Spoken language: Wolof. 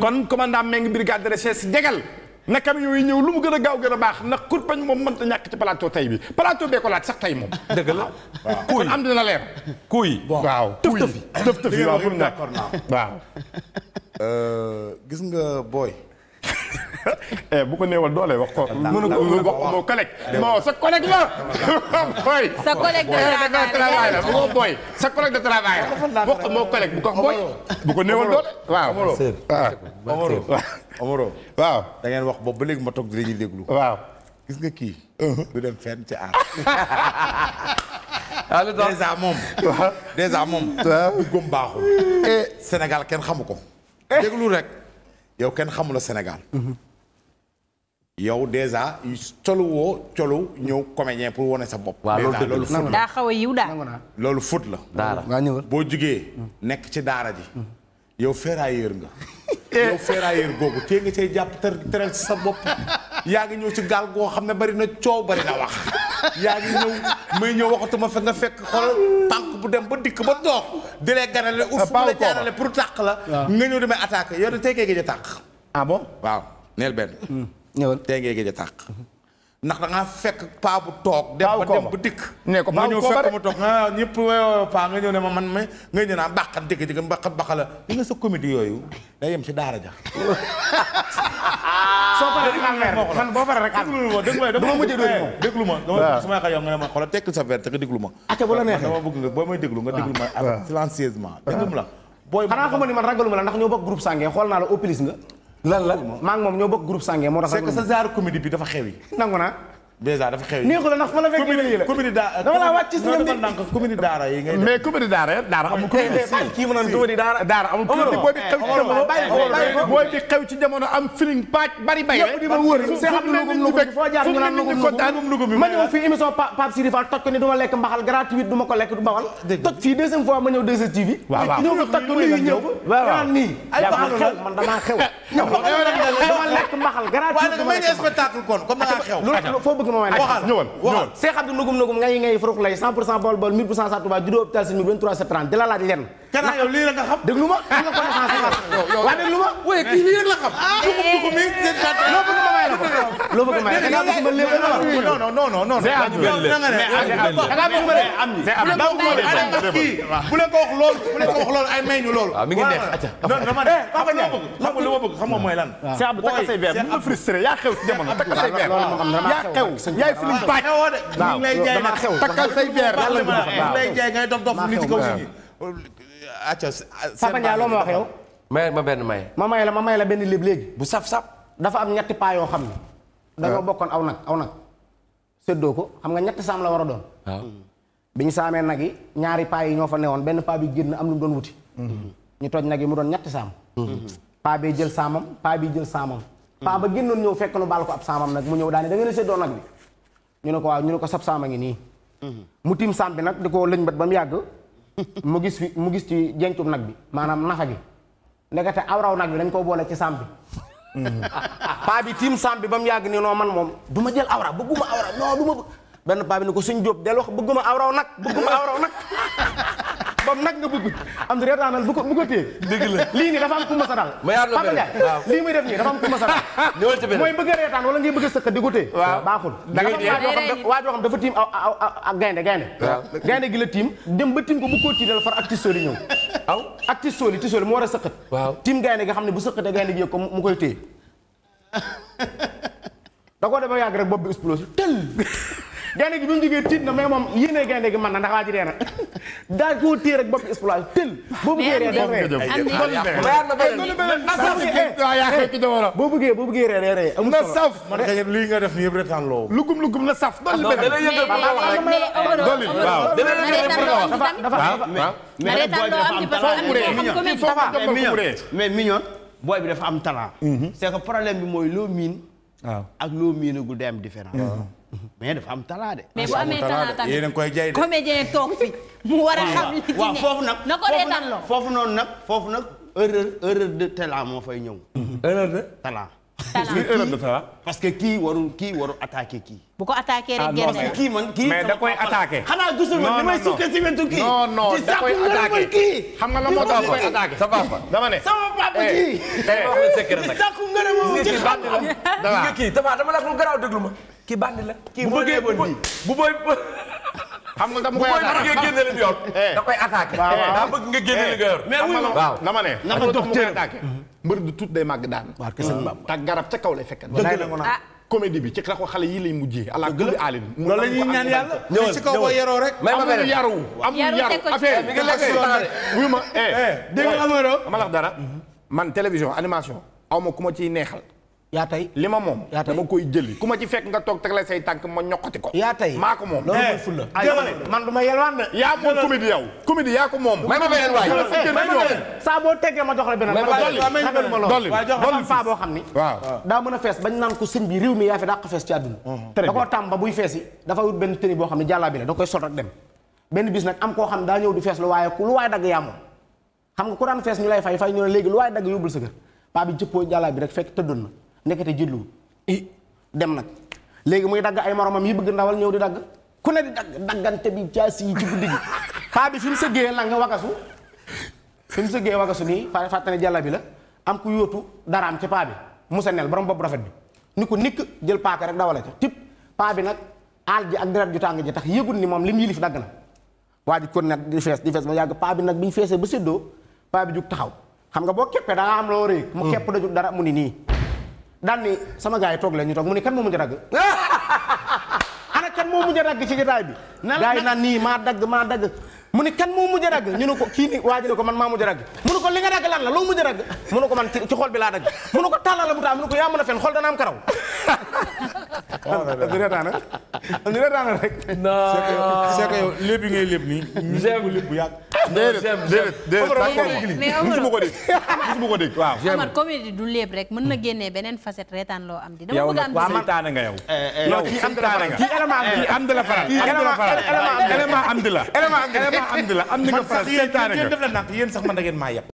kon commandant Meng brigade de recherche jegal na camion yu ñëw lu mu gën a gaaw gën a baax ndax kurpañ moom mënta ñàkk ci plateau tey bi plateau bee ko laaj sax tey moom. dëgg la waaw kon am dina leer. kuy waaw tëf tëf tëf tëf waaw. Euh, gis nga booy. Eh, bu ko néewal doole wax ko. mën na ko wax ko moo collègue. non sa collègue la. booy sa collègue de travail la moo booy sa collègue de travail la wax ko moo collègue bu ko booy. bu ko néewal doole waaw. Omaro Omaro ah. waaw. da ngeen wax boobu ba léegi ma toog di leen déglu. waaw gis nga kii. Uh-huh. du dem fenn ci aar. allo donc dèjà moom. waaw dèjà moom. waaw góom baaxul. Eh. Sénégal kenn xamu ko. Eh. déglu rek yow kenn xamula Sénégal. Uh-huh. yow déjà coluwoo colu ñëw comédien pour wane sa bopp. waaw loolu daa xaw a yiw daal. loolu foot la. daara boo jugee. nekk ci daara ji. yow ferrailleur nga. yow ferrailleur googu tee nga see jàpp tëral sa bopp. yaa ngi ñëw ci gaal goo xam ne bari na coow bari na wax yaa ngi ñëw may ñëw waxatuma fa nga fekk xoolal bu dem ba dikk ba toog di lee ganale ah, uf fu la jaarale pour tàq la nga ñëw demee attaqué yow te tey kee gëj a tàq ah bon waaw neel benn hmm. ñëwal tey ngay gëj a tàq. ndax da ngaa fekk paa bu toog. dem bu dikk. ne ko bu kooba rek mu ñëw fekk mu toog ah ñëpp wéyoo nga ñëw ne ma man ma nga ñëw naa bàqat dëgg dëgg bàqat baxa li sa comédie yooyu day yem si daara ja. soo paree rek ànd ak ma dama mujjee déglu ma. waaw ma xayma nga ne ma xoolal sa verre te nga déglu ma. ak ah, bu la neexee dama bëgg nga boo may déglu nga déglu ma. waaw silencieusement déglu ma la. booy xanaa xamal ni man ragalu la ndax ñoo bokk groupe sàngee xool naa la opilis nga lan la maa ngi moom ñoo bokk group sange moo sa genre comédie bi dafa xewi nangu naa. dèjà dafa xew. nii ko la ndax fa la fekk ñu la commune daara dama la wàcc si ñoom di commune daara yi ngay mais commune daara daara amul eh, eh, kii ma naan commune daara daara amul commune booy bi xew ci jamono booy bi xew ci jamono am feeling paaj bari bay di ma wër ma ñëw fii émission Pape Sidy Fall toj ko ni du ma lekk mbaxal gratuit du ma ko lekk du mbaxal toj fii deuxième fois ma ñëw 2STV ñëw fa toj ko nii ñëw naan nii ay baxal man damaa xew dama lekk mbaxal gratuit bëgg ma may nugum nugum ngay ngay furuk lay 100 pour cent Bawol Bawol 1000 pour cent Touba judo hôpital sin mi 23 septembre di la laaj lenn. kanaa yow lii la nga xam déglu ma am nga waaye kii lii rek la xam. ah dugub dugub mi seen kàttan. loo bëgg ma may la ko loo bëgg ma may la ko léegi la non non non non non. am na yow danga ne am na yow bu leen ko wax loolu bu leen ko wax loolu ay may ñu loolu. waaw mi ngi neex acca. non dama ne xam nga lu ma bëgg xam nga lu ma bëgg xam nga mooy lan. Cheikh Abdou takk say verre bu la frustré yaa xew ci jamono takk say verre yaa xew yaay filim baaj. waaw dama xew takkal say verre yàlla lay jaay ngay dof dof nit ci kaw si. acca Papa Ndiaye loo ma wax yow may ma benn may. ma may la ma may la benn léeb léegi. bu saf saf. dafa am ñetti paa yoo xam ne. Ah. dañoo bokkoon aw nag aw nag. séddoo ko xam nga ñetti saam la war a doon. waaw ah. hmm. ñu saamee nag yi ñaari paa yi ñoo fa newoon benn paa bi génn am lu mu doon wuti. Hmm. ñu toj nag yi mu doon ñetti saam. Hmm. paa bee jël saamam paa bi jël saamam. paa ba génnoon ñëw fekk nu baal ko ab saamam nag mu ñëw daane da ngeen a séddoo nag bi. ñu ne ko waaw ñu ne ko sab saama ngi nii. mu tiim saam bi nag di ko lëñbat ba mu yàgg. gis mu gis ci jencum nag bi maanaam nafa gi ndekete aw raw nag bi dañ koo boole ci sàmm bi paa bi tiim sàmm bi ba mu yàgg ni noo man moom du ma jël awra bëgguma awra non du ma benn paa bi ne ko suñ jóob del wax bëgguma aw raw nag bëgguma aw raw nag bam nag nga bëgg am di reetaanal bu ko bu ko téye dëgg la lii nii dafa am ku ma sa dal Papa Ndiaye lii muy def nii dafa am ku ma sa dal mooy bëgg a reetaan wala ngay bëgg a sëkk di ko téye baaxul da nga xam waa joo xam dafa tiim ak gaynde gaynde gaynde gi la tiim dem ba tiim ko bu koo tiidal far ak ci sori ñëw aw ak tisooli tisooli moo war a sëqat. waaw tim gaynde nga xam ne bu sëqatee gaynde gi yëg ko mu koy téye da koo demee yàgg rek bopp bi explose tël gaynde gi bi mu jógee tiit na mais moom yéene gaynde gi mën na ndax waa ji dee na daa koo téye rek bopp exploit tël boo bëggee ree dee ree boo bëggee boo bëggee ree dee ree amul na saf man nga lii nga def nii yëpp retaan loo lugum lugum na saf dolli benn dolli waaw dafa dafa mais mignon booy bi dafa am talent c'est que problème bi mooy loo miin waaw ak loo miinagul day am différence. Mm-hmm. Mm-hmm. mais dafa am talaa de. mais bu amee talaa tamit yéen a koy jaay de. comédien toog mu war a xam li foofu nag. na ko reetaan loo foofu noonu nag foofu nag erreur erreur de talent moo fay ñëw. Mm-hmm. erreur de talent. talent parce que kii warul kii warul attaqué kii. bu ko attaqué rek ah, gerte la kii man kii. mais da koy attaqué. xanaa gisul man damay sukk si wetu kii. non non da koy attaqué xam nga la moo tax da koy attaqué. sa papa dama ne. sama papa eh, kii. Eh, di sakku ngërëm moom ci xam nga kii dama dama la ko garaaw déglu ma. kii bandi la. kii bu bëggee bu bëggee xam nga dama koy attaqué bu génne li mu yor. Eh. da koy attaqué. daa bëgg nga génne li nga yor. Mhm. day màgg daan. waaw mhm. garab ca kaw lay fekk. comédie bi ci la ko xale yi lay mu ji kulli alin. loolu la ñuy ñaan yàlla. ñëwal ci kaw boo yaroo rek. amul yaru amul yaru affaire bi nga lekk wuyu ma. Eh. Eh, dégg nga amaro ma dara mhm. man télévision animation aw ma ku ma ciy neexal yaa tey li ma moom. yaa tey dama koy jëli. ku ma ci fekk nga toog tegle say tànk ma ñokkati ko. yaa tey maa ko moom. loolu eh, mooy fulla man du ma yelwaan de. yaa moom comédie yow. comédie yaa ko ma beneen saa boo teggee ma jox la beneen. ma dolli dolli faa boo xam ni. waaw daa mën a fees bañ naan ko sëñ bi réew mi yaa fi daa ko fees ci àdduna. Oh, boo xam ne jàllaa bi la da koy sol rek dem. am koo daa ñëw di fees lu waaye ku lu waaye dagg yaa moom xam nga ku daan fees ñu lay fay fay ñu ne léegi lu waaye dagg yóbbul sa kër paa bi jëppoo jàllaa bi rek fekk tëddoon na ndekete jëlluwut i dem nag léegi muy dagg ay moromam yi bëgg ndawal ñëw di dagg ku ne di dagg daggante bi jaasi yi ci guddi gi paa bi fi mu sëggee lang wagasu fi mu sëggee wagasu nii fa fàttane jàlla bi la am ku yóotu daraam ci paa bi mu musa nel borom bopp rafet bi nu ko nikk jël paaka rek dawale ca tip paa bi nag aal ji ak deret ju tàng ji tax yëgul ni moom li mu yilif dagg na waa ji kon ne di fees di fees ba yàgg paa bi nag bi ñu feesee ba séddoo paa bi taxaw xam nga boo keppee da am loo mu mm. kepp da jug dara mu ni nii daan sama gaa yi toog leen ñu toog mu ni kan moo mujj a dagg ana kan moo mujj a dagg ci jotaay bi. nan gars yi naan nii maa dagg maa dagg. mu ni kan moo mujj a dagg ñu ne ko kii ni waaj ko man maa mujj dagg mu ne ko li nga dagg lan la loo mujj a dagg mu ne ko man ci xol bi laa dagg mu ne ko tàllal a mu taa mu ko yaa mën a fen xol dana am karaw. waaw waaw waaw reetaana reetaana rek. non c'est que yow lépp ngay lépp nii. ñu lépp bu yàgg. déedéet déedéet musuma ko dégg musuma ko dégg Amar comédie du léeb rek mën na génnee beneen facette reetaan loo am di. dama bëgg am yow seytaane nga yow. Eh, eh, yow seytaane nga eh, am di la faral. kii élément am di la faral élément am di la. élément am di la am di la am di nga faral seytaane sax man da ngeen yab.